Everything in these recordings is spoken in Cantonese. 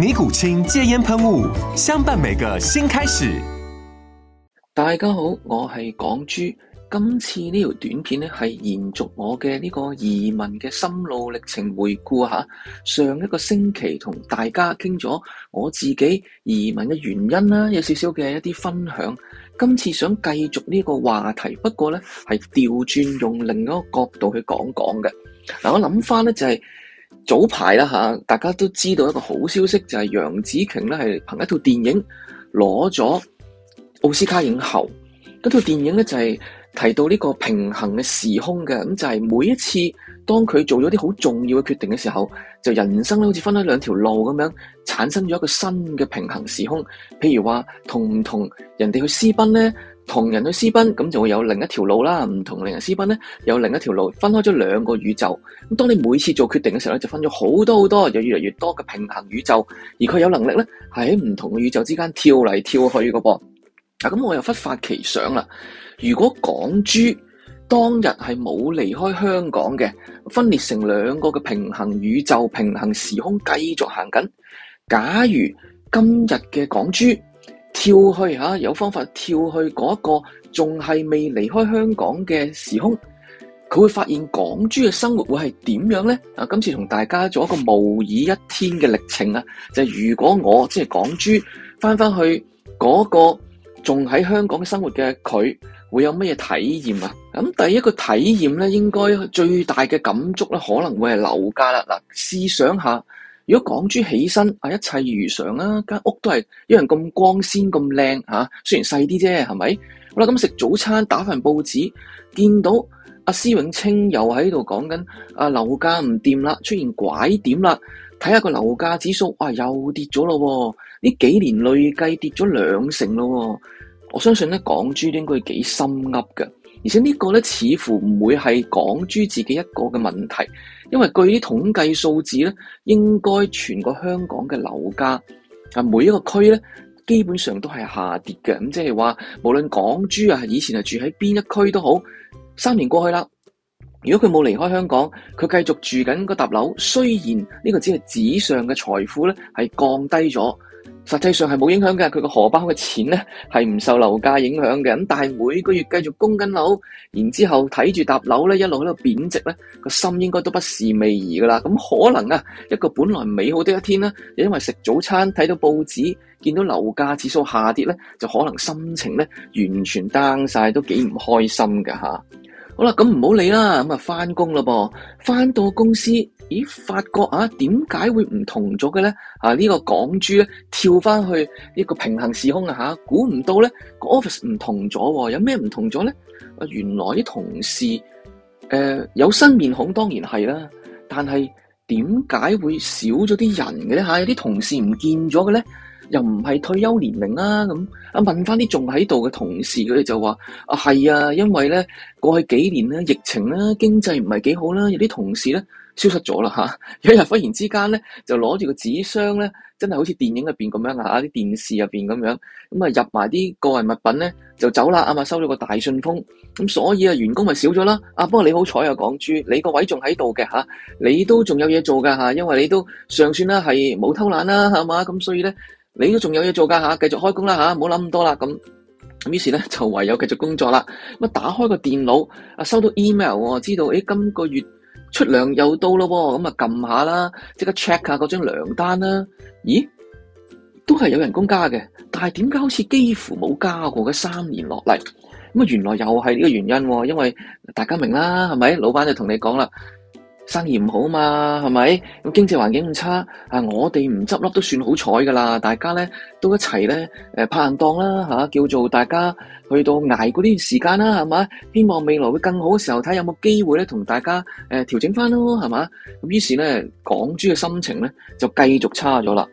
尼古清戒煙噴霧，相伴每個新開始。大家好，我係港豬。今次呢條短片咧係延續我嘅呢個移民嘅心路歷程，回顧下上一個星期同大家傾咗我自己移民嘅原因啦、啊，有少少嘅一啲分享。今次想繼續呢個話題，不過咧係調轉用另一個角度去講講嘅。嗱、嗯，我諗翻咧就係、是。早排啦吓，大家都知道一個好消息，就係、是、楊紫瓊咧係憑一套電影攞咗奧斯卡影后。嗰套電影咧就係提到呢個平行嘅時空嘅，咁就係、是、每一次當佢做咗啲好重要嘅決定嘅時候，就人生咧好似分開兩條路咁樣，產生咗一個新嘅平行時空。譬如話同唔同人哋去私奔咧。同人去私奔，咁就會有另一條路啦。唔同另人私奔咧，有另一條路，分開咗兩個宇宙。咁當你每次做決定嘅時候咧，就分咗好多好多，有越嚟越多嘅平行宇宙。而佢有能力咧，係喺唔同嘅宇宙之間跳嚟跳去嘅噃。嗱、啊，咁、嗯、我又忽發奇想啦。如果港豬當日係冇離開香港嘅，分裂成兩個嘅平行宇宙、平行時空，繼續行緊。假如今日嘅港豬。跳去吓，有方法跳去嗰個仲係未離開香港嘅時空，佢會發現港豬嘅生活會係點樣咧？啊，今次同大家做一個模擬一天嘅歷程啊，就係如果我即係港豬翻翻去嗰個仲喺香港生活嘅佢，會有咩嘢體驗啊？咁第一個體驗咧，應該最大嘅感觸咧，可能會係樓價啦。嗱，試想下。如果港豬起身，啊一切如常啊，間屋都係一樣咁光鮮咁靚吓，雖然細啲啫，係咪？好啦，咁食早餐，打份報紙，見到阿、啊、施永青又喺度講緊啊，樓價唔掂啦，出現拐點啦，睇下個樓價指數，哇、啊、又跌咗咯、啊，呢幾年累計跌咗兩成咯、啊，我相信咧港豬都應該幾深噏嘅，而且個呢個咧似乎唔會係港豬自己一個嘅問題。因為據啲統計數字咧，應該全個香港嘅樓價啊，每一個區咧，基本上都係下跌嘅。咁即係話，無論港豬啊，以前係住喺邊一區都好，三年過去啦。如果佢冇離開香港，佢繼續住緊個搭樓，雖然呢個只係紙上嘅財富咧，係降低咗。實際上係冇影響嘅，佢個荷包嘅錢呢，係唔受樓價影響嘅。咁但係每個月繼續供緊樓，然之後睇住搭樓呢一路喺度貶值呢，個心應該都不是味兒噶啦。咁、嗯、可能啊，一個本來美好的一天咧，因為食早餐睇到報紙見到樓價指數下跌呢，就可能心情呢完全 down 晒，都幾唔開心嘅嚇、啊。好啦，咁唔好理啦，咁啊翻工啦噃，翻、嗯、到公司。咦？發覺啊，點解會唔同咗嘅咧？啊，呢啊、呢個港豬咧跳翻去一個平行時空啊！嚇，估唔到咧個 office 唔同咗喎、啊，有咩唔同咗咧？啊，原來啲同事誒、呃、有新面孔，當然係啦。但係點解會少咗啲人嘅咧？嚇、啊，有啲同事唔見咗嘅咧，又唔係退休年齡啦、啊、咁。啊，問翻啲仲喺度嘅同事，佢哋就話：啊，係啊，因為咧過去幾年咧疫情啦、經濟唔係幾好啦，有啲同事咧。消失咗啦嚇！有一日忽然之間咧，就攞住個紙箱咧，真係好似電影入邊咁樣啊！啲電視入邊咁樣，咁啊入埋啲個人物品咧就走啦，啊嘛收咗個大信封，咁所以啊員工咪少咗啦。啊不過你好彩啊，港豬你個位仲喺度嘅吓，你都仲有嘢做噶吓，因為你都尚算啦係冇偷懶啦係嘛咁，所以咧你都仲有嘢做噶吓，繼續開工啦吓，唔好諗咁多啦咁。咁於是咧就唯有繼續工作啦。咁啊打開個電腦啊，收到 email 知道誒今個月。出糧又到咯，咁啊撳下啦，即刻 check 下嗰張糧單啦。咦，都係有人工加嘅，但係點解好似幾乎冇加過嘅？三年落嚟，咁啊原來又係呢個原因喎，因為大家明啦，係咪？老闆就同你講啦。生意唔好嘛，係咪？咁經濟環境咁差，啊，我哋唔執笠都算好彩噶啦。大家咧都一齊咧，誒拍硬檔啦嚇，叫做大家去到挨過呢段時間啦，係嘛？希望未來會更好嘅時候，睇有冇機會咧同大家誒調整翻咯，係嘛？咁於是咧，港豬嘅心情咧就繼續差咗啦。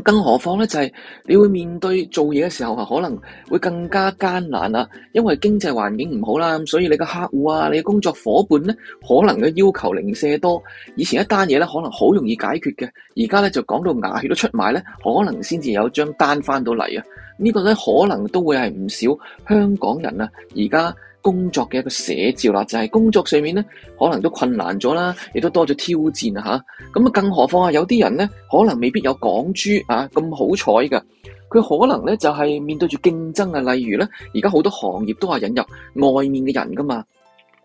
更何況咧，就係、是、你會面對做嘢嘅時候啊，可能會更加艱難啦、啊，因為經濟環境唔好啦、啊，所以你嘅客戶啊，你嘅工作伙伴呢，可能嘅要求零舍多，以前一單嘢呢，可能好容易解決嘅，而家呢，就講到牙血都出埋呢，可能先至有張單返到嚟啊！呢、這個呢，可能都會係唔少香港人啊，而家工作嘅一個寫照啦，就係、是、工作上面咧，可能都困難咗啦，亦都多咗挑戰啊吓。咁啊，更何況啊，有啲人咧，可能未必有港豬啊咁好彩噶，佢可能咧就係、是、面對住競爭啊，例如咧，而家好多行業都係引入外面嘅人噶嘛，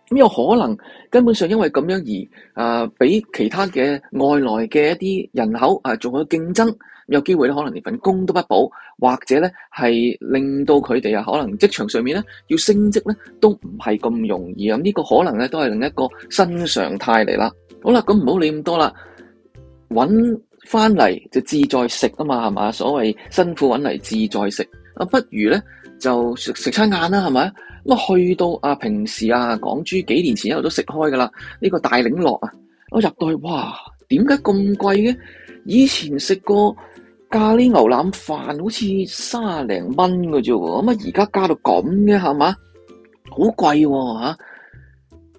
咁、啊、有可能根本上因為咁樣而啊，俾其他嘅外來嘅一啲人口啊，仲有競爭。有機會咧，可能連份工都不保，或者咧係令到佢哋啊，可能職場上面咧要升職咧都唔係咁容易。咁呢個可能咧都係另一個新常態嚟啦。好啦，咁唔好理咁多啦，揾翻嚟就自在食啊嘛，係嘛？所謂辛苦揾嚟自在食啊，不如咧就食食餐晏啦，係咪？咁去到啊，平時啊港豬幾年前一路都食開噶啦，呢個大檸樂啊，我入到去，哇！點解咁貴嘅？以前食過。咖喱牛腩飯好似三十零蚊嘅啫，咁啊而家加到咁嘅係嘛？好貴吓，啊啊，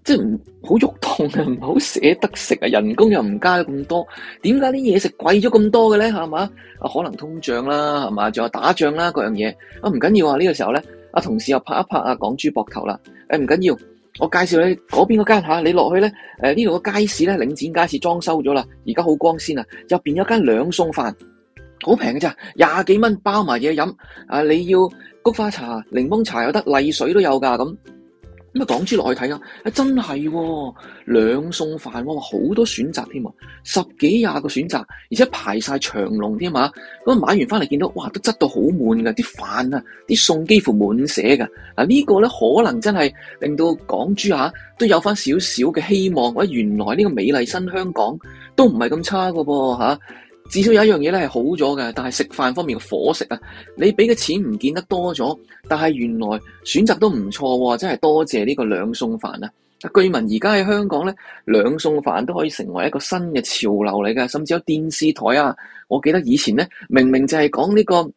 即係唔好肉痛啊，唔好捨得食啊！人工又唔加咁多，點解啲嘢食貴咗咁多嘅咧？係嘛？啊，可能通脹啦，係嘛？仲有打仗啦，嗰樣嘢。啊，唔緊要啊！呢、這個時候咧，阿同事又拍一拍啊，港豬膊頭啦。誒、哎，唔緊要，我介紹你嗰邊嗰間吓，你落去咧，誒呢度個街市咧，領展街市裝修咗啦，而家好光鮮啊！入邊有間兩餸飯。好平嘅咋，廿幾蚊包埋嘢飲，啊你要菊花茶、檸檬茶又得，例水都有噶咁。咁啊，港豬落去睇下啊，真係兩餸飯喎、哦，好多選擇添啊，十幾廿個選擇，而且排晒長龍添嘛。咁、啊啊、買完翻嚟見到，哇，都質到好滿嘅，啲飯啊，啲餸幾乎滿瀉嘅。啊，這個、呢個咧可能真係令到港豬下、啊、都有翻少少嘅希望。喂、啊，原來呢個美麗新香港都唔係咁差嘅噃嚇。啊至少有一樣嘢咧係好咗嘅，但係食飯方面嘅伙食啊，你俾嘅錢唔見得多咗，但係原來選擇都唔錯喎，真係多謝呢個兩餸飯啊！據聞而家喺香港咧，兩餸飯都可以成為一個新嘅潮流嚟嘅，甚至有電視台啊，我記得以前咧明明就係講呢個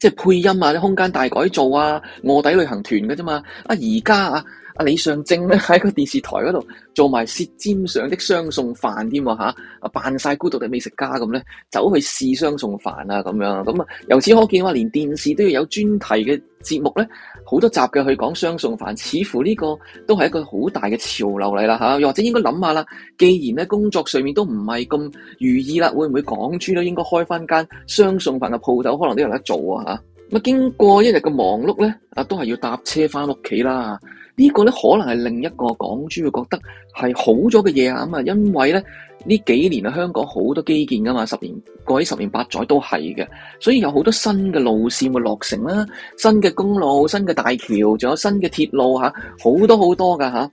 即係配音啊、啲空間大改造啊、臥底旅行團嘅啫嘛，啊而家啊～阿李尚正咧喺個電視台嗰度做埋舌尖上的雙餸飯添喎，吓啊扮晒孤獨嘅美食家咁咧，走去試雙餸飯啊，咁樣咁啊。由此可見話，連電視都要有專題嘅節目咧，好多集嘅去講雙餸飯，似乎呢個都係一個好大嘅潮流嚟啦嚇。又或者應該諗下啦，既然咧工作上面都唔係咁如意啦，會唔會港豬都應該開返間雙餸飯嘅鋪頭，可能都有得做啊嚇。咁啊，經過一日嘅忙碌咧，啊都係要搭車返屋企啦。呢個咧可能係另一個港豬會覺得係好咗嘅嘢啊咁啊，因為咧呢幾年啊香港好多基建噶嘛，十年過咗十年八載都係嘅，所以有好多新嘅路線會落成啦，新嘅公路、新嘅大橋，仲有新嘅鐵路嚇，好多好多噶嚇，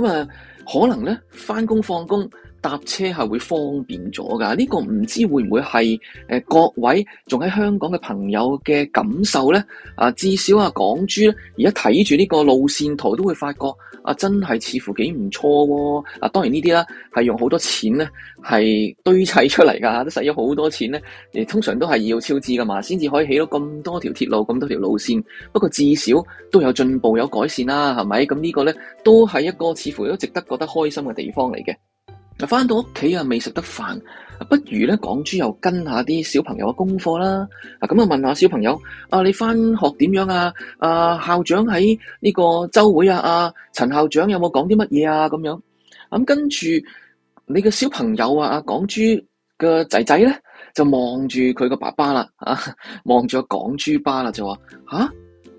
咁啊可能咧返工放工。搭車係會方便咗噶呢、這個唔知會唔會係誒、呃、各位仲喺香港嘅朋友嘅感受咧？啊，至少啊港豬咧而家睇住呢個路線圖都會發覺啊，真係似乎幾唔錯喎、哦！啊，當然呢啲啦，係用好多錢咧，係堆砌出嚟噶都使咗好多錢咧。誒，通常都係要超支噶嘛，先至可以起到咁多條鐵路、咁多條路線。不過至少都有進步、有改善啦、啊，係咪？咁呢個咧都係一個似乎都值得覺得開心嘅地方嚟嘅。嗱，翻到屋企啊，未食得飯，不如咧港豬又跟下啲小朋友嘅功課啦。嗱、啊，咁啊問下小朋友，啊你翻學點樣啊？啊校長喺呢個周會啊？啊陳校長有冇講啲乜嘢啊？咁樣咁、啊、跟住你嘅小朋友啊，阿港豬嘅仔仔咧就望住佢個爸爸啦，啊望住阿港豬巴啦就話：，吓、啊、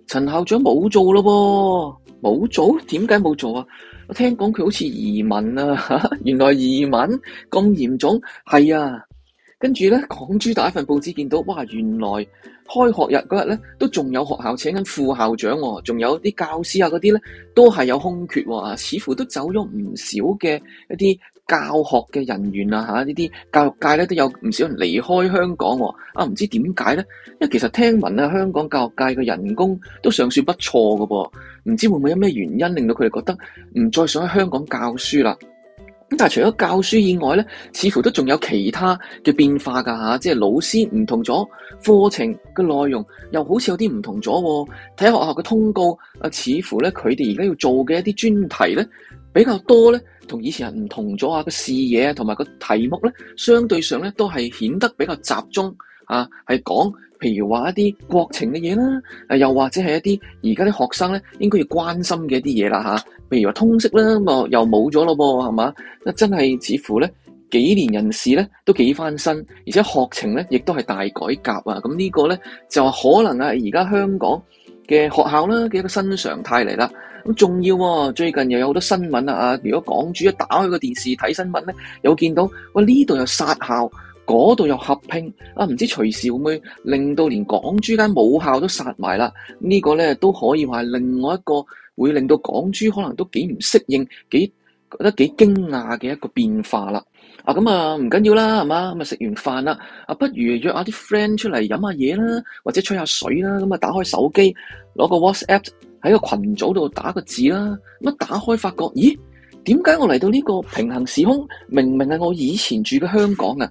陳校長冇做咯噃，冇做，點解冇做啊？我聽講佢好似移民啊，原來移民咁嚴重，係啊，跟住咧港豬打一份報紙見到，哇，原來開學日嗰日咧都仲有學校請緊副校長喎，仲有啲教師啊嗰啲咧都係有空缺喎，啊，似乎都走咗唔少嘅一啲。教學嘅人員啊，吓呢啲教育界咧都有唔少人離開香港、哦，啊唔知點解呢？因為其實聽聞啊，香港教育界嘅人工都尚算不錯噶噃、哦，唔知會唔會有咩原因令到佢哋覺得唔再想喺香港教書啦？咁但係除咗教書以外呢，似乎都仲有其他嘅變化噶吓、啊，即係老師唔同咗，課程嘅內容又好似有啲唔同咗、哦。睇學校嘅通告啊，似乎呢，佢哋而家要做嘅一啲專題呢。比較多咧，同以前係唔同咗啊！個視野啊，同埋個題目咧，相對上咧都係顯得比較集中啊，係講譬如話一啲國情嘅嘢啦，又或者係一啲而家啲學生咧應該要關心嘅一啲嘢啦吓，譬如話通識啦，咁啊又冇咗咯噃，係嘛？真係似乎咧幾年人事咧都幾翻身，而且學程咧亦都係大改革啊！咁呢個咧就係可能係而家香港。嘅學校啦，嘅一個新常態嚟啦，咁重要喎。最近又有好多新聞啦，啊，如果港豬一打開個電視睇新聞咧，有見到，哇，呢度又殺校，嗰度又合併，啊，唔知隨時會唔會令到連港豬間母校都殺埋啦？這個、呢個咧都可以話係另外一個會令到港豬可能都幾唔適應，幾覺得幾驚訝嘅一個變化啦。嗱咁啊，唔緊要啦，係嘛，咁啊，食完飯啦，啊，不如約下啲 friend 出嚟飲下嘢，啦，或者吹下水啦，咁啊，打開手機，攞個 WhatsApp 喺個群組度打個字啦，咁啊，一打開發覺，咦，點解我嚟到呢個平行時空？明明係我以前住嘅香港啊，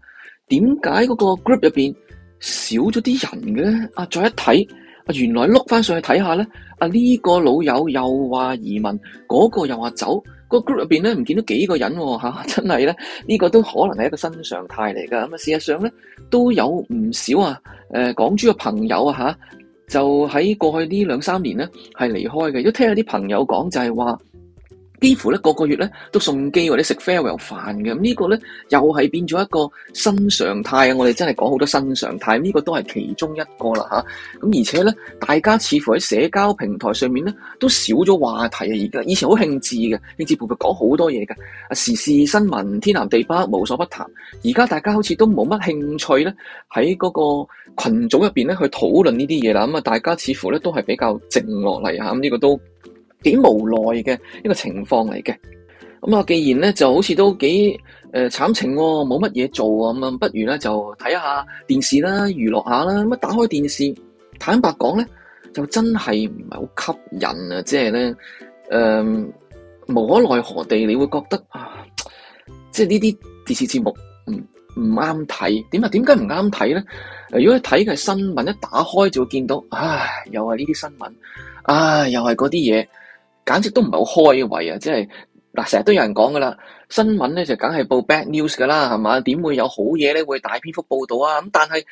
點解嗰個 group 入邊少咗啲人嘅咧？啊，再一睇，啊，原來碌翻上去睇下咧，啊呢個老友又話移民，嗰個又話走。個 group 入邊咧唔見到幾個人喎，哦啊、真係咧呢、呢個都可能係一個新常態嚟㗎。咁啊，事實上咧都有唔少啊，誒、呃、港豬嘅朋友啊嚇、啊，就喺過去呢兩三年咧係離開嘅。都聽下啲朋友講就係話。幾乎咧個個月咧都送機或者食 farewell 飯嘅，咁呢個咧又係變咗一個新常態啊！我哋真係講好多新常態，呢個都係其中一個啦嚇。咁、啊、而且咧，大家似乎喺社交平台上面咧都少咗話題啊！而家以前好興致嘅，興致勃勃講好多嘢嘅，時事新聞天南地北無所不談。而家大家好似都冇乜興趣咧喺嗰個羣組入邊咧去討論呢啲嘢啦。咁啊，大家似乎咧都係比較靜落嚟嚇，咁呢個都，幾無奈嘅一個情況嚟嘅，咁、嗯、啊，既然咧就好似都幾誒慘情，哦，冇乜嘢做啊，咁、嗯、啊，不如咧就睇下電視啦，娛樂下啦。咁啊，打開電視，坦白講咧，就真係唔係好吸引啊，即係咧，誒、呃，無可奈何地你會覺得啊，即係呢啲電視節目唔唔啱睇。點啊？點解唔啱睇咧？如果你睇嘅係新聞，一打開就會見到，唉，又係呢啲新聞，唉，又係嗰啲嘢。簡直都唔係好開胃啊！即係嗱，成日都有人講㗎喇，新聞呢就梗係報 bad news 㗎喇，係嘛？點會有好嘢咧？會大篇幅報導啊！咁但係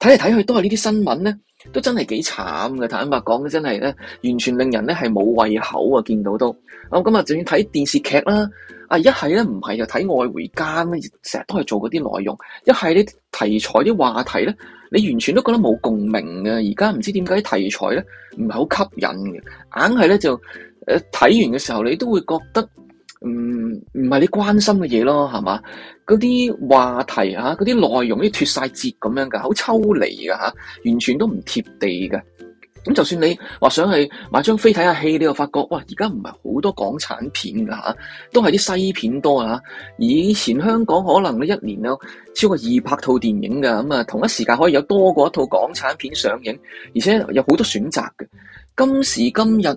睇嚟睇去都係呢啲新聞呢。都真係幾慘嘅，坦白講，真係咧，完全令人咧係冇胃口啊！見到都，我今日就算睇電視劇啦，啊一係咧唔係又睇愛回家咧，成日都係做嗰啲內容，一係啲題材啲話題咧，你完全都覺得冇共鳴嘅。而家唔知點解啲題材咧唔係好吸引嘅，硬係咧就誒睇、呃、完嘅時候，你都會覺得。唔唔係你關心嘅嘢咯，係嘛？嗰啲話題嚇，嗰、啊、啲內容啲脱晒節咁樣嘅，好抽離嘅嚇、啊，完全都唔貼地嘅。咁就算你話想去買張飛睇下戲，你又發覺，哇！而家唔係好多港產片嘅嚇、啊，都係啲西片多啊。以前香港可能你一年有超過二百套電影嘅，咁啊同一時間可以有多過一套港產片上映，而且有好多選擇嘅。今時今日，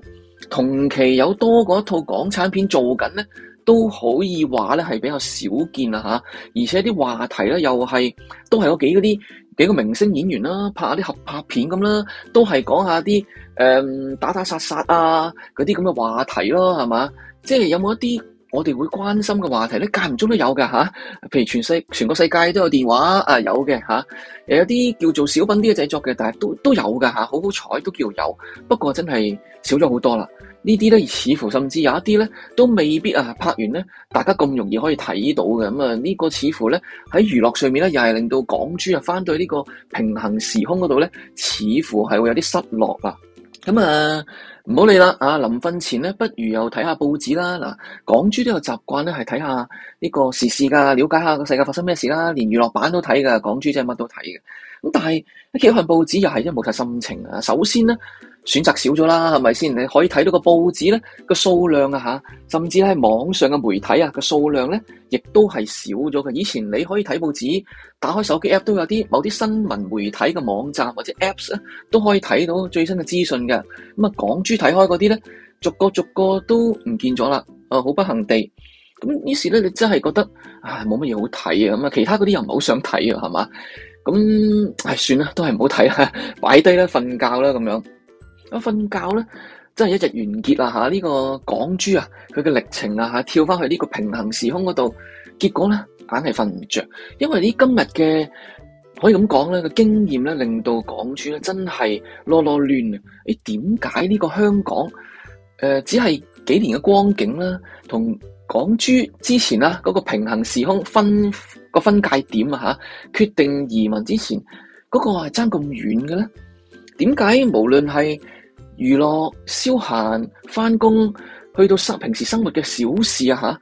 同期有多過一套港產片做緊咧，都可以話咧係比較少見啊嚇，而且啲話題咧又係都係嗰幾嗰啲幾個明星演員啦，拍下啲合拍片咁啦，都係講下啲誒打打殺殺啊嗰啲咁嘅話題咯，係嘛？即係有冇一啲？我哋會關心嘅話題咧，間唔中都有噶吓，譬如全世全個世界都有電話啊，有嘅吓、啊，有啲叫做小品啲嘅製作嘅，但係都都有噶吓，好好彩都叫有。不過真係少咗好多啦，呢啲咧似乎甚至有一啲咧都未必啊拍完咧，大家咁容易可以睇到嘅。咁啊呢個似乎咧喺娛樂上面咧，又係令到港豬啊翻到呢個平行時空嗰度咧，似乎係會有啲失落啊。咁、嗯、啊，唔好理啦！啊，臨瞓前咧，不如又睇下報紙啦。嗱、啊，港珠都有習慣咧，係睇下呢個時事噶，了解下個世界發生咩事啦。連娛樂版都睇噶，港珠真係乜都睇嘅。咁但係，呢幾份報紙又係一無晒心情啊！首先咧，選擇少咗啦，係咪先？你可以睇到個報紙咧，個數量啊吓，甚至係網上嘅媒體啊個數量咧，亦都係少咗嘅。以前你可以睇報紙，打開手機 app 都有啲某啲新聞媒體嘅網站或者 apps 啊，都可以睇到最新嘅資訊嘅。咁、嗯、啊，港豬睇開嗰啲咧，逐個逐個都唔見咗啦。啊、呃，好不幸地，咁於是咧，你真係覺得啊，冇乜嘢好睇啊。咁啊，其他嗰啲又唔係好想睇啊，係嘛？咁唉、哎，算啦，都係唔好睇啦，擺低啦，瞓覺啦，咁樣。咁瞓覺咧，真係一日完結啦嚇！呢、呢個港豬啊，佢嘅歷程啊嚇，跳翻去呢個平行時空嗰度，結果咧，硬係瞓唔着。因為呢今日嘅可以咁講咧，個經驗咧，令到港豬咧真係囉囉亂啊！誒、哎，點解呢個香港誒、呃、只係幾年嘅光景啦，同港豬之前啊嗰、嗰個平行時空分、個分界點啊嚇，決定移民之前嗰、嗰個係爭咁遠嘅咧？點解無論係娛樂消閒、返工，去到生平時生活嘅小事啊嚇，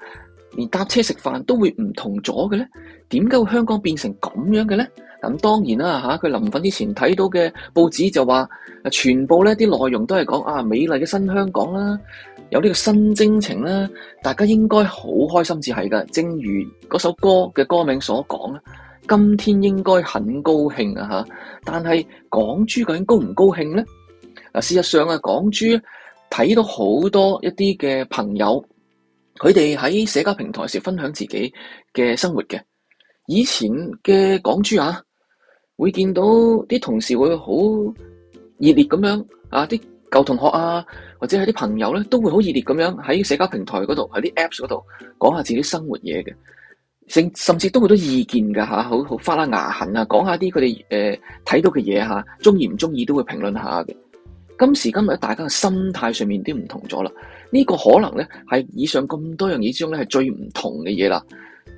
連搭車食飯都會唔同咗嘅咧。點解會香港變成咁樣嘅咧？咁當然啦嚇，佢臨瞓之前睇到嘅報紙就話，全部咧啲內容都係講啊美麗嘅新香港啦，有呢個新征程啦，大家應該好開心至係噶。正如嗰首歌嘅歌名所講啦，今天應該很高興啊嚇。但係港豬究竟高唔高興呢？嗱，事實上啊，港豬睇到好多一啲嘅朋友，佢哋喺社交平台時分享自己嘅生活嘅。以前嘅港豬啊，會見到啲同事會好熱烈咁樣啊，啲舊同學啊，或者係啲朋友咧，都會好熱烈咁樣喺社交平台嗰度喺啲 Apps 嗰度講下自己生活嘢嘅。甚甚至都好多意見㗎嚇，好好花啦牙痕啊，講下啲佢哋誒睇到嘅嘢嚇，中意唔中意都會評論下嘅。今時今日，大家嘅心態上面啲唔同咗啦。呢個可能咧，係以上咁多樣嘢之中咧，係最唔同嘅嘢啦。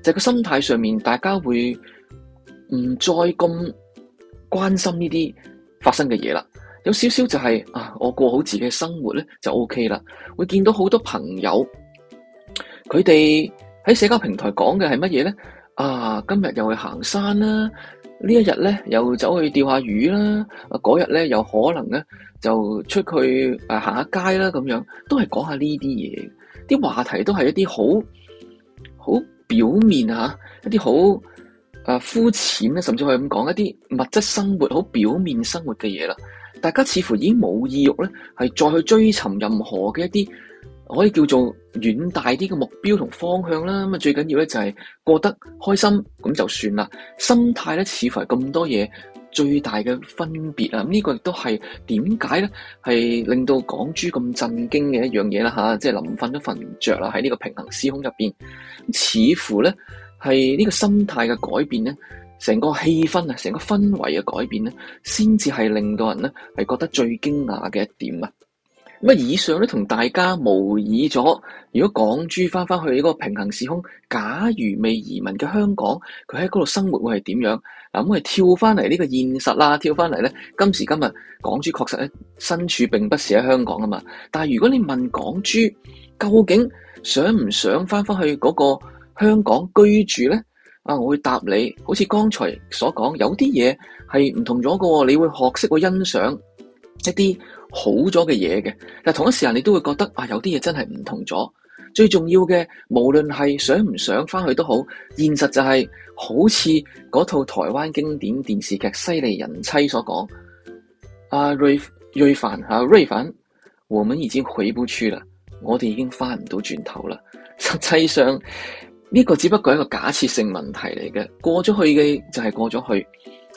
就係個心態上面，大家會唔再咁關心呢啲發生嘅嘢啦。有少少就係啊，我過好自己嘅生活咧就 OK 啦。會見到好多朋友，佢哋喺社交平台講嘅係乜嘢咧？啊，今日又去行山啦，呢一日咧又走去釣下魚啦，啊嗰日咧又可能咧。就出去誒、呃、行下街啦，咁樣都係講下呢啲嘢，啲話題都係一啲好好表面啊，一啲好誒膚淺咧，甚至可以咁講一啲物質生活好表面生活嘅嘢啦。大家似乎已經冇意欲咧，係再去追尋任何嘅一啲可以叫做遠大啲嘅目標同方向啦。咁啊，最緊要咧就係、係、過得開心咁就算啦。心態咧，似乎係咁多嘢。最大嘅分別啊，這個、呢個亦都係點解咧，係令到港豬咁震驚嘅一樣嘢啦吓，即係臨瞓都瞓唔着啦，喺呢個平衡時空入邊，似乎咧係呢個心態嘅改變咧，成個氣氛啊，成個氛圍嘅改變咧，先至係令到人咧係覺得最驚訝嘅一點啊！咁以上咧同大家模擬咗，如果港珠翻翻去呢個平行時空，假如未移民嘅香港，佢喺嗰度生活會係點樣？嗱、啊，我、嗯、係跳翻嚟呢個現實啦，跳翻嚟咧，今時今日港珠確實咧，身處並不是喺香港啊嘛。但係如果你問港珠究竟想唔想翻翻去嗰個香港居住咧？啊，我會答你，好似剛才所講，有啲嘢係唔同咗嘅，你會學識去欣賞一啲好咗嘅嘢嘅，但同一時間你都會覺得啊，有啲嘢真係唔同咗。最重要嘅，無論係想唔想翻去都好，現實就係、是、好似嗰套台灣經典電視劇《犀利人妻》所講，阿、啊、瑞瑞凡啊，瑞凡，我們已經，我們已經回不去啦，我哋已經翻唔到轉頭啦。實際上呢、這個只不過係一個假設性問題嚟嘅，過咗去嘅就係過咗去，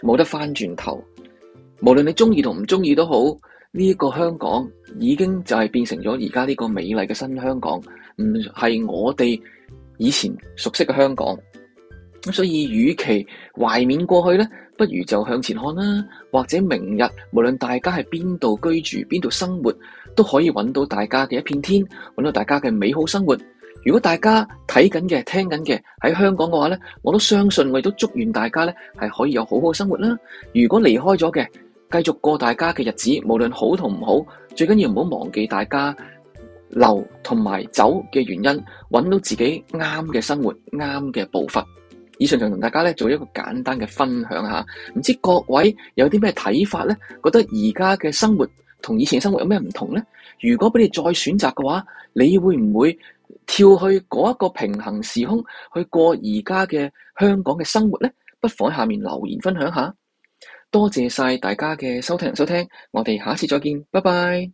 冇得翻轉頭。無論你中意同唔中意都好，呢一個香港已經就係變成咗而家呢個美麗嘅新香港，唔係我哋以前熟悉嘅香港。咁所以，與其懷緬過去呢，不如就向前看啦。或者明日，無論大家喺邊度居住、邊度生活，都可以揾到大家嘅一片天，揾到大家嘅美好生活。如果大家睇緊嘅、聽緊嘅喺香港嘅話呢，我都相信我亦都祝願大家呢，係可以有好好生活啦。如果離開咗嘅，繼續過大家嘅日子，無論好同唔好，最緊要唔好忘記大家留同埋走嘅原因，揾到自己啱嘅生活，啱嘅步伐。以上就同大家咧做一個簡單嘅分享下，唔知各位有啲咩睇法呢？覺得而家嘅生活同以前生活有咩唔同呢？如果俾你再選擇嘅話，你會唔會跳去嗰一個平衡時空去過而家嘅香港嘅生活呢？不妨喺下面留言分享下。多謝晒大家嘅收聽收聽，我哋下次再見，拜拜。